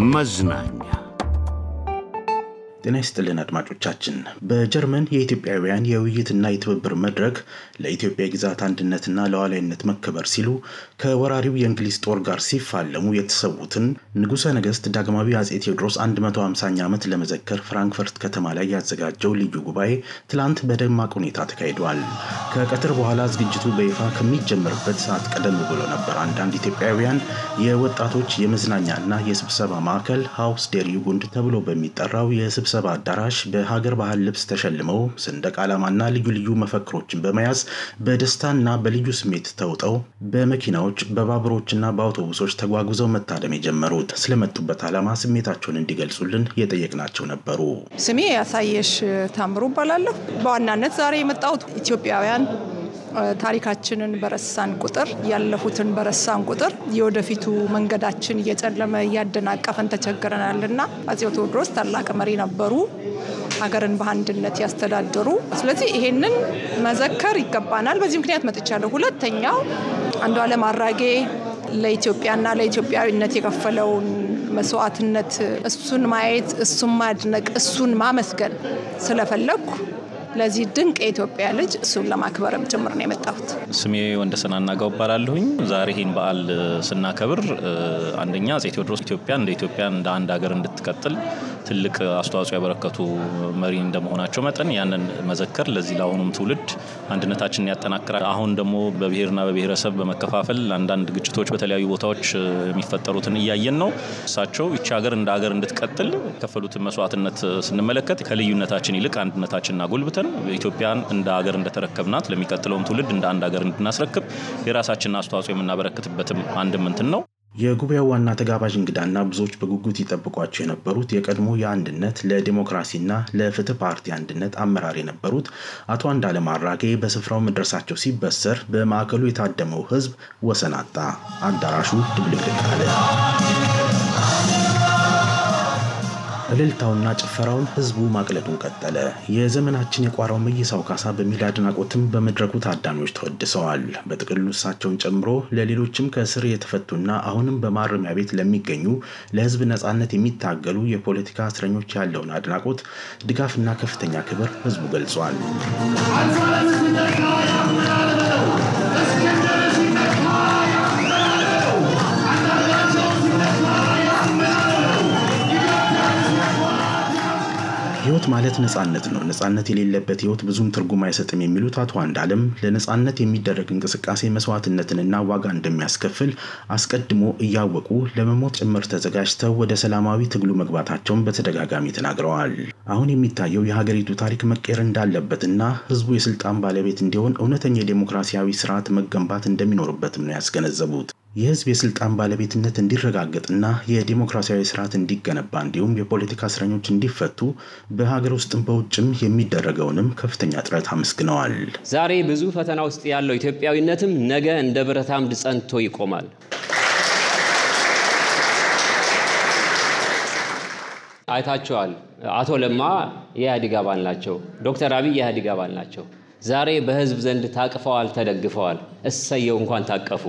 мы знания. ጤና ይስጥልን አድማጮቻችን። በጀርመን የኢትዮጵያውያን የውይይትና የትብብር መድረክ ለኢትዮጵያ ግዛት አንድነትና ለዋላይነት መከበር ሲሉ ከወራሪው የእንግሊዝ ጦር ጋር ሲፋለሙ የተሰዉትን ንጉሠ ነገሥት ዳግማዊ አጼ ቴዎድሮስ 150ኛ ዓመት ለመዘከር ፍራንክፈርት ከተማ ላይ ያዘጋጀው ልዩ ጉባኤ ትላንት በደማቅ ሁኔታ ተካሂዷል። ከቀትር በኋላ ዝግጅቱ በይፋ ከሚጀመርበት ሰዓት ቀደም ብሎ ነበር አንዳንድ ኢትዮጵያውያን የወጣቶች የመዝናኛና የስብሰባ ማዕከል ሃውስ ዴር ዩጉንድ ተብሎ በሚጠራው የስብ ስብሰባ አዳራሽ በሀገር ባህል ልብስ ተሸልመው ሰንደቅ ዓላማና ልዩ ልዩ መፈክሮችን በመያዝ በደስታና በልዩ ስሜት ተውጠው በመኪናዎች በባቡሮችና በአውቶቡሶች ተጓጉዘው መታደም የጀመሩት ስለመጡበት ዓላማ ስሜታቸውን እንዲገልጹልን የጠየቅናቸው ነበሩ። ስሜ ያሳየሽ ታምሩ እባላለሁ። በዋናነት ዛሬ የመጣሁት ኢትዮጵያውያን ታሪካችንን በረሳን ቁጥር ያለፉትን በረሳን ቁጥር የወደፊቱ መንገዳችን እየጨለመ እያደናቀፈን ተቸግረናል ና አፄ ቴዎድሮስ ታላቅ መሪ ነበሩ፣ ሀገርን በአንድነት ያስተዳደሩ። ስለዚህ ይሄንን መዘከር ይገባናል። በዚህ ምክንያት መጥቻለሁ። ሁለተኛው አንዱ አለም አራጌ ለኢትዮጵያና ለኢትዮጵያዊነት የከፈለውን መስዋዕትነት እሱን ማየት፣ እሱን ማድነቅ፣ እሱን ማመስገን ስለፈለግኩ ለዚህ ድንቅ የኢትዮጵያ ልጅ እሱን ለማክበርም ጭምር ነው የመጣሁት። ስሜ ወንደሰን አናጋው እባላለሁኝ። ዛሬ ይህን በዓል ስናከብር አንደኛ አፄ ቴዎድሮስ ኢትዮጵያ እንደ ኢትዮጵያ እንደ አንድ ሀገር እንድትቀጥል ትልቅ አስተዋጽኦ ያበረከቱ መሪ እንደመሆናቸው መጠን ያንን መዘከር ለዚህ ለአሁኑም ትውልድ አንድነታችንን ያጠናክራል። አሁን ደግሞ በብሔርና በብሔረሰብ በመከፋፈል አንዳንድ ግጭቶች በተለያዩ ቦታዎች የሚፈጠሩትን እያየን ነው። እሳቸው ይቺ ሀገር እንደ ሀገር እንድትቀጥል የከፈሉትን መስዋዕትነት ስንመለከት ከልዩነታችን ይልቅ አንድነታችንን አጎልብተን ኢትዮጵያን እንደ ሀገር እንደተረከብናት ለሚቀጥለውም ትውልድ እንደ አንድ ሀገር እንድናስረክብ የራሳችንን አስተዋጽኦ የምናበረክትበትም አንድ ምንትን ነው። የጉባኤው ዋና ተጋባዥ እንግዳና ብዙዎች በጉጉት ይጠብቋቸው የነበሩት የቀድሞ የአንድነት ለዲሞክራሲና ለፍትህ ፓርቲ አንድነት አመራር የነበሩት አቶ አንዳለም አራጌ በስፍራው መድረሳቸው ሲበሰር በማዕከሉ የታደመው ህዝብ ወሰን አጣ፣ አዳራሹ ድብልቅልቅ አለ። እልልታውና ጭፈራውን ህዝቡ ማቅለጡን ቀጠለ። የዘመናችን የቋራው መይሳው ካሳ በሚል አድናቆትም በመድረኩ ታዳሚዎች ተወድሰዋል። በጥቅሉ እሳቸውን ጨምሮ ለሌሎችም ከእስር የተፈቱና አሁንም በማረሚያ ቤት ለሚገኙ ለህዝብ ነጻነት የሚታገሉ የፖለቲካ እስረኞች ያለውን አድናቆት፣ ድጋፍና ከፍተኛ ክብር ህዝቡ ገልጿል። ህይወት ማለት ነጻነት ነው፣ ነጻነት የሌለበት ህይወት ብዙም ትርጉም አይሰጥም የሚሉት አቶ አንዳለም ለነጻነት የሚደረግ እንቅስቃሴ መስዋዕትነትንና ዋጋ እንደሚያስከፍል አስቀድሞ እያወቁ ለመሞት ጭምር ተዘጋጅተው ወደ ሰላማዊ ትግሉ መግባታቸውን በተደጋጋሚ ተናግረዋል። አሁን የሚታየው የሀገሪቱ ታሪክ መቀየር እንዳለበትና ህዝቡ የስልጣን ባለቤት እንዲሆን እውነተኛ የዴሞክራሲያዊ ስርዓት መገንባት እንደሚኖርበትም ነው ያስገነዘቡት። የህዝብ የስልጣን ባለቤትነት እንዲረጋገጥና የዲሞክራሲያዊ ስርዓት እንዲገነባ እንዲሁም የፖለቲካ እስረኞች እንዲፈቱ በሀገር ውስጥም በውጭም የሚደረገውንም ከፍተኛ ጥረት አመስግነዋል። ዛሬ ብዙ ፈተና ውስጥ ያለው ኢትዮጵያዊነትም ነገ እንደ ብረት አምድ ጸንቶ ይቆማል። አይታቸዋል። አቶ ለማ የኢህአዴግ አባል ናቸው። ዶክተር አብይ የኢህአዴግ አባል ናቸው። ዛሬ በህዝብ ዘንድ ታቅፈዋል፣ ተደግፈዋል። እሰየው እንኳን ታቀፉ።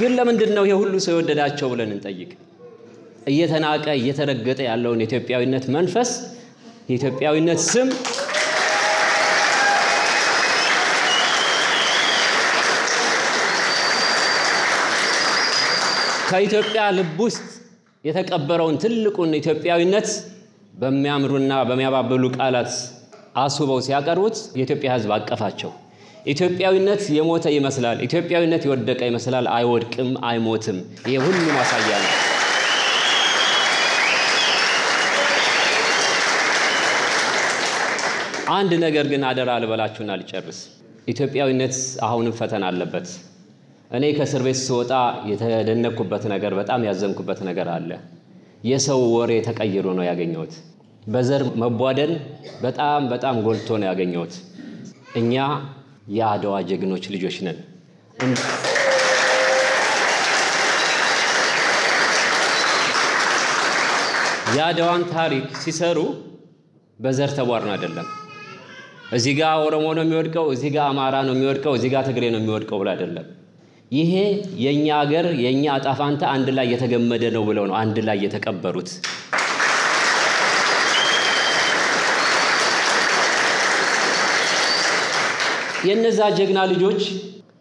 ግን ለምንድን ነው ይሄ ሁሉ ሰው የወደዳቸው ብለን እንጠይቅ። እየተናቀ እየተረገጠ ያለውን የኢትዮጵያዊነት መንፈስ የኢትዮጵያዊነት ስም ከኢትዮጵያ ልብ ውስጥ የተቀበረውን ትልቁን ኢትዮጵያዊነት በሚያምሩና በሚያባብሉ ቃላት አስውበው ሲያቀርቡት የኢትዮጵያ ሕዝብ አቀፋቸው። ኢትዮጵያዊነት የሞተ ይመስላል፣ ኢትዮጵያዊነት የወደቀ ይመስላል። አይወድቅም፣ አይሞትም። ይሄ ሁሉ ማሳያ ነው። አንድ ነገር ግን አደራ ልበላችሁን አልጨርስ። ኢትዮጵያዊነት አሁንም ፈተና አለበት። እኔ ከእስር ቤት ስወጣ የተደነቅኩበት ነገር፣ በጣም ያዘንኩበት ነገር አለ። የሰው ወሬ ተቀይሮ ነው ያገኘሁት። በዘር መቧደን በጣም በጣም ጎልቶ ነው ያገኘሁት እኛ የአድዋ ጀግኖች ልጆች ነን። የአድዋን ታሪክ ሲሰሩ በዘር ተቧርን አይደለም። እዚህ ጋ ኦሮሞ ነው የሚወድቀው፣ እዚህ ጋ አማራ ነው የሚወድቀው፣ እዚህ ጋ ትግሬ ነው የሚወድቀው ብሎ አይደለም። ይሄ የእኛ አገር የእኛ አጣፋንታ አንድ ላይ የተገመደ ነው ብለው ነው አንድ ላይ የተቀበሩት። የእነዛ ጀግና ልጆች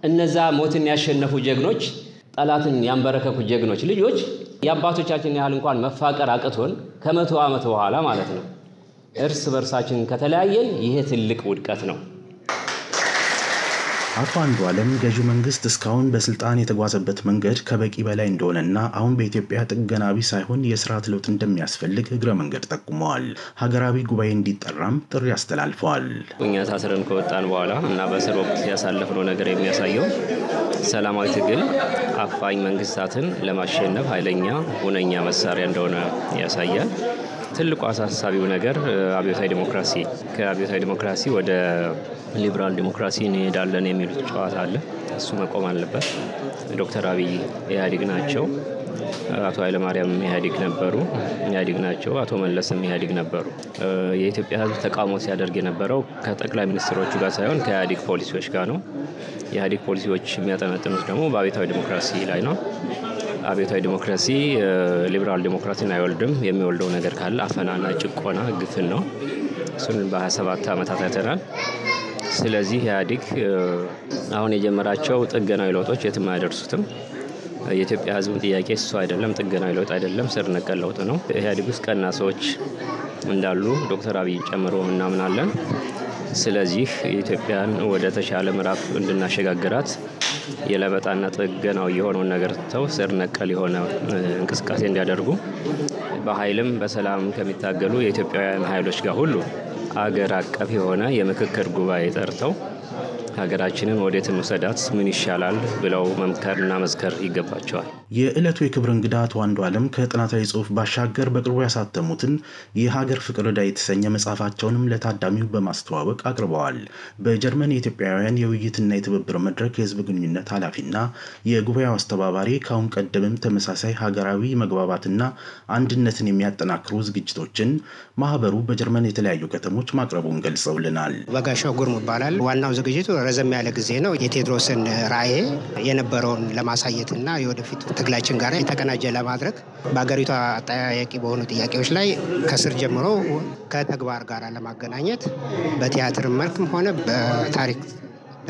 እነዛ ሞትን ያሸነፉ ጀግኖች፣ ጠላትን ያንበረከኩ ጀግኖች ልጆች የአባቶቻችን ያህል እንኳን መፋቀር አቅቶን ከመቶ ዓመት በኋላ ማለት ነው እርስ በርሳችን ከተለያየን ይሄ ትልቅ ውድቀት ነው። አቶ አለም ገዢው መንግስት እስካሁን በስልጣን የተጓዘበት መንገድ ከበቂ በላይ እንደሆነና አሁን በኢትዮጵያ ጥገናዊ ሳይሆን የስርዓት ለውጥ እንደሚያስፈልግ እግረ መንገድ ጠቁመዋል። ሀገራዊ ጉባኤ እንዲጠራም ጥሪ አስተላልፈዋል። እኛ ታስረን ከወጣን በኋላ እና በእስር ወቅት ያሳለፍነው ነገር የሚያሳየው ሰላማዊ ትግል አፋኝ መንግስታትን ለማሸነፍ ኃይለኛ ሁነኛ መሳሪያ እንደሆነ ያሳያል። ትልቁ አሳሳቢው ነገር አብዮታዊ ዲሞክራሲ ከአብዮታዊ ዲሞክራሲ ወደ ሊበራል ዲሞክራሲ እንሄዳለን የሚሉት ጨዋታ አለ። እሱ መቆም አለበት። ዶክተር አብይ ኢህአዴግ ናቸው። አቶ ኃይለማርያም ኢህአዴግ ነበሩ፣ ኢህአዴግ ናቸው። አቶ መለስም ኢህአዴግ ነበሩ። የኢትዮጵያ ሕዝብ ተቃውሞ ሲያደርግ የነበረው ከጠቅላይ ሚኒስትሮቹ ጋር ሳይሆን ከኢህአዴግ ፖሊሲዎች ጋር ነው። የኢህአዴግ ፖሊሲዎች የሚያጠነጥኑት ደግሞ በአብዮታዊ ዲሞክራሲ ላይ ነው። አብዮታዊ ዲሞክራሲ ሊበራል ዲሞክራሲን አይወልድም። የሚወልደው ነገር ካለ አፈናና ጭቆና፣ ግፍን ነው። እሱን በ27 ዓመታት አይተናል። ስለዚህ ኢህአዴግ አሁን የጀመራቸው ጥገናዊ ለውጦች የትም አያደርሱትም። የኢትዮጵያ ሕዝብ ጥያቄ እሱ አይደለም፣ ጥገናዊ ለውጥ አይደለም፣ ስር ነቀል ለውጥ ነው። ኢህአዴግ ውስጥ ቀና ሰዎች እንዳሉ ዶክተር አብይ ጨምሮ እናምናለን። ስለዚህ የኢትዮጵያን ወደ ተሻለ ምዕራፍ እንድናሸጋግራት የለበጣና ጥገናው የሆነውን ነገር ትተው ስር ነቀል የሆነ እንቅስቃሴ እንዲያደርጉ በኃይልም በሰላም ከሚታገሉ የኢትዮጵያውያን ኃይሎች ጋር ሁሉ አገር አቀፍ የሆነ የምክክር ጉባኤ ጠርተው ሀገራችንን ወዴት እንውሰዳት፣ ምን ይሻላል ብለው መምከርና መዝከር ይገባቸዋል። የዕለቱ የክብር እንግዳ አቶ አለም ከጥናታዊ ጽሁፍ ባሻገር በቅርቡ ያሳተሙትን የሀገር ፍቅር ዕዳ የተሰኘ መጽሐፋቸውንም ለታዳሚው በማስተዋወቅ አቅርበዋል። በጀርመን የኢትዮጵያውያን የውይይትና የትብብር መድረክ የህዝብ ግንኙነት ኃላፊና የጉባኤው አስተባባሪ ከአሁን ቀደምም ተመሳሳይ ሀገራዊ መግባባትና አንድነትን የሚያጠናክሩ ዝግጅቶችን ማህበሩ በጀርመን የተለያዩ ከተሞች ማቅረቡን ገልጸውልናል። በጋሻው ጉርሙ ይባላል። ዋናው ዝግጅት ረዘም ያለ ጊዜ ነው። የቴድሮስን ራዕይ የነበረውን ለማሳየትና የወደፊት ትግላችን ጋር የተቀናጀ ለማድረግ በሀገሪቷ አጠያያቂ በሆኑ ጥያቄዎች ላይ ከስር ጀምሮ ከተግባር ጋር ለማገናኘት በቲያትር መልክም ሆነ በታሪክ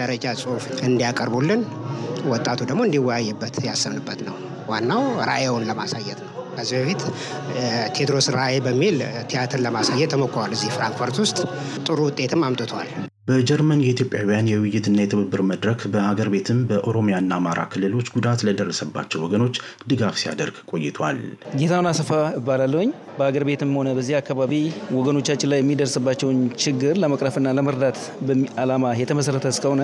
ደረጃ ጽሁፍ እንዲያቀርቡልን ወጣቱ ደግሞ እንዲወያይበት ያሰብንበት ነው። ዋናው ራዕዩን ለማሳየት ነው። ከዚህ በፊት ቴድሮስ ራዕይ በሚል ቲያትር ለማሳየት ተሞክሯል። እዚህ ፍራንክፈርት ውስጥ ጥሩ ውጤትም አምጥቷል። በጀርመን የኢትዮጵያውያን የውይይትና የትብብር መድረክ በሀገር ቤትም በኦሮሚያና አማራ ክልሎች ጉዳት ለደረሰባቸው ወገኖች ድጋፍ ሲያደርግ ቆይቷል። ጌታውን አሰፋ እባላለሁኝ። በሀገር ቤትም ሆነ በዚህ አካባቢ ወገኖቻችን ላይ የሚደርስባቸውን ችግር ለመቅረፍና ለመርዳት አላማ የተመሰረተ እስከሆነ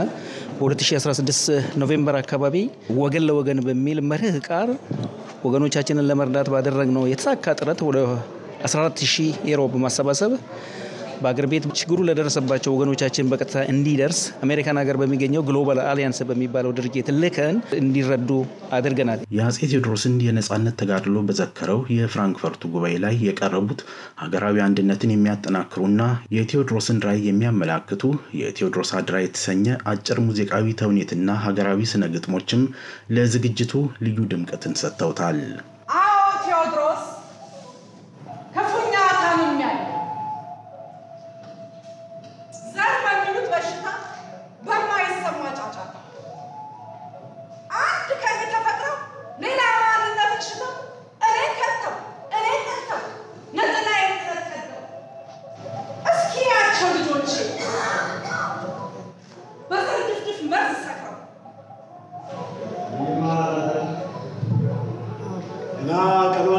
በ2016 ኖቬምበር አካባቢ ወገን ለወገን በሚል መርህ ቃር ወገኖቻችንን ለመርዳት ባደረግነው የተሳካ ጥረት ወደ 14000 ዩሮ በማሰባሰብ በአገር ቤት ችግሩ ለደረሰባቸው ወገኖቻችን በቀጥታ እንዲደርስ አሜሪካን ሀገር በሚገኘው ግሎባል አሊያንስ በሚባለው ድርጅት ልከን እንዲረዱ አድርገናል። የአጼ ቴዎድሮስን የነጻነት ተጋድሎ በዘከረው የፍራንክፈርቱ ጉባኤ ላይ የቀረቡት ሀገራዊ አንድነትን የሚያጠናክሩና የቴዎድሮስን ራዕይ የሚያመላክቱ የቴዎድሮስ አድራ የተሰኘ አጭር ሙዚቃዊ ተውኔትና ሀገራዊ ስነ ግጥሞችም ለዝግጅቱ ልዩ ድምቀትን ሰጥተውታል።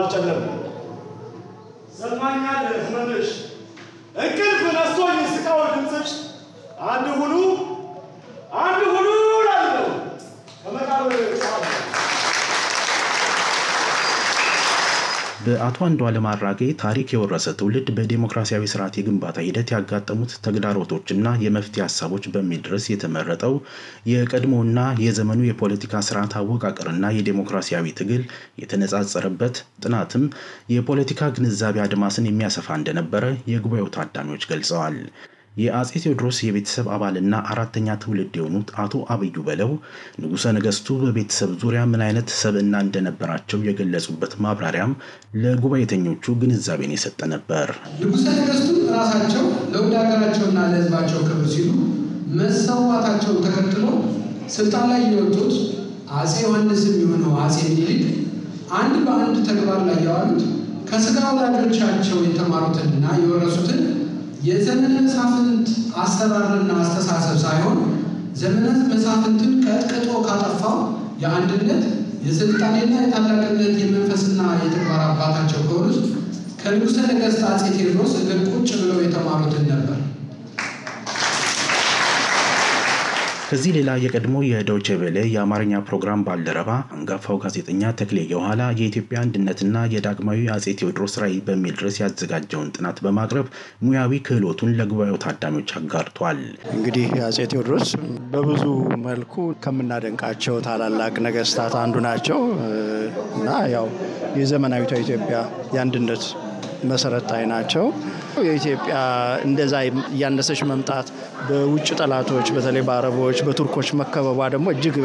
वसल्लम በአቶ አንዷለም አራጌ ታሪክ የወረሰ ትውልድ በዲሞክራሲያዊ ስርዓት የግንባታ ሂደት ያጋጠሙት ተግዳሮቶችና የመፍትሄ ሀሳቦች በሚል ድረስ የተመረጠው የቀድሞና የዘመኑ የፖለቲካ ስርዓት አወቃቀርና የዲሞክራሲያዊ ትግል የተነጻጸረበት ጥናትም የፖለቲካ ግንዛቤ አድማስን የሚያሰፋ እንደነበረ የጉባኤው ታዳሚዎች ገልጸዋል። የአጼ ቴዎድሮስ የቤተሰብ አባልና አራተኛ ትውልድ የሆኑት አቶ አብዩ በለው ንጉሠ ነገሥቱ በቤተሰብ ዙሪያ ምን አይነት ሰብዕና እንደነበራቸው የገለጹበት ማብራሪያም ለጉባኤተኞቹ ግንዛቤን የሰጠ ነበር። ንጉሠ ነገሥቱ ራሳቸው ለውድ ሀገራቸውና ለሕዝባቸው ክብር ሲሉ መሰዋታቸውን ተከትሎ ስልጣን ላይ የወጡት አጼ ዮሐንስ የሚሆነው አጼ ሚኒሊክ አንድ በአንድ ተግባር ላይ ያዋሉት ከስጋ ወላጆቻቸው የተማሩትንና የወረሱትን የዘመነ መሳፍንት አሰራርና አስተሳሰብ ሳይሆን ዘመነ መሳፍንትን ቀጥቅጦ ካጠፋው የአንድነት የስልጣኔና የታላቅነት የመንፈስና የተግባር አባታቸው ከሆኑት ከንጉሠ ነገሥት አፄ ቴዎድሮስ እግር ቁጭ ብለው የተማሩትን ነበር። ከዚህ ሌላ የቀድሞ የዶይቼ ቬለ የአማርኛ ፕሮግራም ባልደረባ አንጋፋው ጋዜጠኛ ተክሌ የኋላ የኢትዮጵያ አንድነትና የዳግማዊ አጼ ቴዎድሮስ ራዕይ በሚል ርዕስ ያዘጋጀውን ጥናት በማቅረብ ሙያዊ ክህሎቱን ለጉባኤው ታዳሚዎች አጋርቷል። እንግዲህ አጼ ቴዎድሮስ በብዙ መልኩ ከምናደንቃቸው ታላላቅ ነገስታት አንዱ ናቸው እና ያው የዘመናዊቷ ኢትዮጵያ የአንድነት መሰረት ላይ ናቸው። የኢትዮጵያ እንደዛ እያነሰች መምጣት በውጭ ጠላቶች በተለይ በአረቦች በቱርኮች መከበቧ ደግሞ እጅግ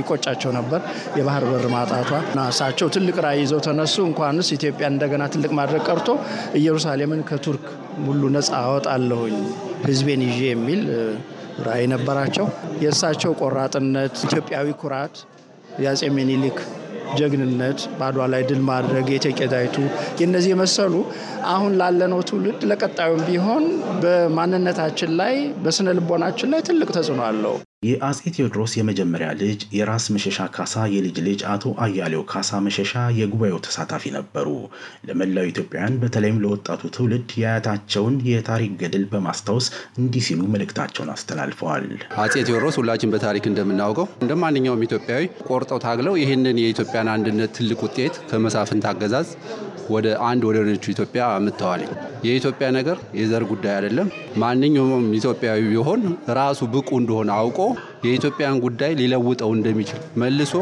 ይቆጫቸው ነበር የባህር በር ማጣቷ እና እሳቸው ትልቅ ራዕይ ይዘው ተነሱ። እንኳንስ ኢትዮጵያ እንደገና ትልቅ ማድረግ ቀርቶ ኢየሩሳሌምን ከቱርክ ሙሉ ነጻ አወጣለሁኝ ህዝቤን ይዤ የሚል ራዕይ ነበራቸው። የእሳቸው ቆራጥነት፣ ኢትዮጵያዊ ኩራት የአፄ ምኒልክ ጀግንነት፣ ባዷ ላይ ድል ማድረግ፣ የእቴጌ ጣይቱ የነዚህ የመሰሉ አሁን ላለነው ትውልድ ለቀጣዩም ቢሆን በማንነታችን ላይ በስነ ልቦናችን ላይ ትልቅ ተጽዕኖ አለው። የአጼ ቴዎድሮስ የመጀመሪያ ልጅ የራስ መሸሻ ካሳ የልጅ ልጅ አቶ አያሌው ካሳ መሸሻ የጉባኤው ተሳታፊ ነበሩ። ለመላው ኢትዮጵያውያን በተለይም ለወጣቱ ትውልድ የአያታቸውን የታሪክ ገድል በማስታወስ እንዲህ ሲሉ መልእክታቸውን አስተላልፈዋል። አጼ ቴዎድሮስ ሁላችን በታሪክ እንደምናውቀው እንደ ማንኛውም ኢትዮጵያዊ ቆርጠው ታግለው ይህንን የኢትዮጵያን አንድነት ትልቅ ውጤት ከመሳፍንት አገዛዝ ወደ አንድ ወደ ሆነችው ኢትዮጵያ አምጥተዋልኝ። የኢትዮጵያ ነገር የዘር ጉዳይ አይደለም። ማንኛውም ኢትዮጵያዊ ቢሆን ራሱ ብቁ እንደሆነ አውቆ የኢትዮጵያን ጉዳይ ሊለውጠው እንደሚችል መልሶ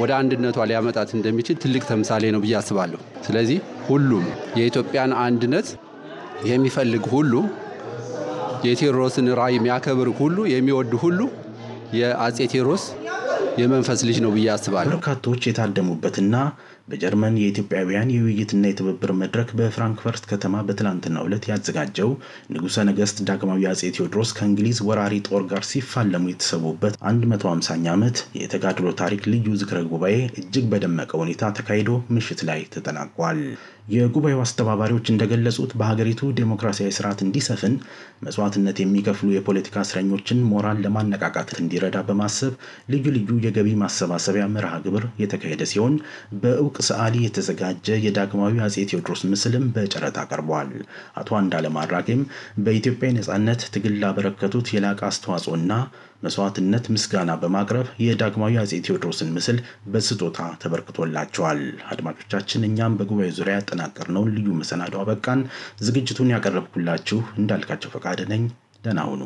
ወደ አንድነቷ ሊያመጣት እንደሚችል ትልቅ ተምሳሌ ነው ብዬ አስባለሁ። ስለዚህ ሁሉም የኢትዮጵያን አንድነት የሚፈልግ ሁሉ፣ የቴዎድሮስን ራዕይ የሚያከብር ሁሉ፣ የሚወድ ሁሉ የአፄ ቴዎድሮስ የመንፈስ ልጅ ነው ብዬ አስባለሁ። በርካቶች የታደሙበትና በጀርመን የኢትዮጵያውያን የውይይትና የትብብር መድረክ በፍራንክፈርት ከተማ በትላንትናው ዕለት ያዘጋጀው ንጉሠ ነገሥት ዳግማዊ አጼ ቴዎድሮስ ከእንግሊዝ ወራሪ ጦር ጋር ሲፋለሙ የተሰዉበት 150ኛ ዓመት የተጋድሎ ታሪክ ልዩ ዝክረ ጉባኤ እጅግ በደመቀ ሁኔታ ተካሂዶ ምሽት ላይ ተጠናቋል። የጉባኤው አስተባባሪዎች እንደገለጹት በሀገሪቱ ዴሞክራሲያዊ ስርዓት እንዲሰፍን መስዋዕትነት የሚከፍሉ የፖለቲካ እስረኞችን ሞራል ለማነቃቃት እንዲረዳ በማሰብ ልዩ ልዩ የገቢ ማሰባሰቢያ መርሃ ግብር የተካሄደ ሲሆን በእውቅ ሰዓሊ የተዘጋጀ የዳግማዊ አጼ ቴዎድሮስ ምስልም በጨረታ ቀርቧል። አቶ አንዳለም አራጌም በኢትዮጵያ ነጻነት ትግል ላበረከቱት የላቀ አስተዋጽኦና መስዋዕትነት ምስጋና በማቅረብ የዳግማዊ አጼ ቴዎድሮስን ምስል በስጦታ ተበርክቶላቸዋል። አድማጮቻችን፣ እኛም በጉባኤ ዙሪያ ያጠናቀርነውን ልዩ መሰናዶ አበቃን። ዝግጅቱን ያቀረብኩላችሁ እንዳልካቸው ፈቃድ ነኝ። ደህና ሁኑ።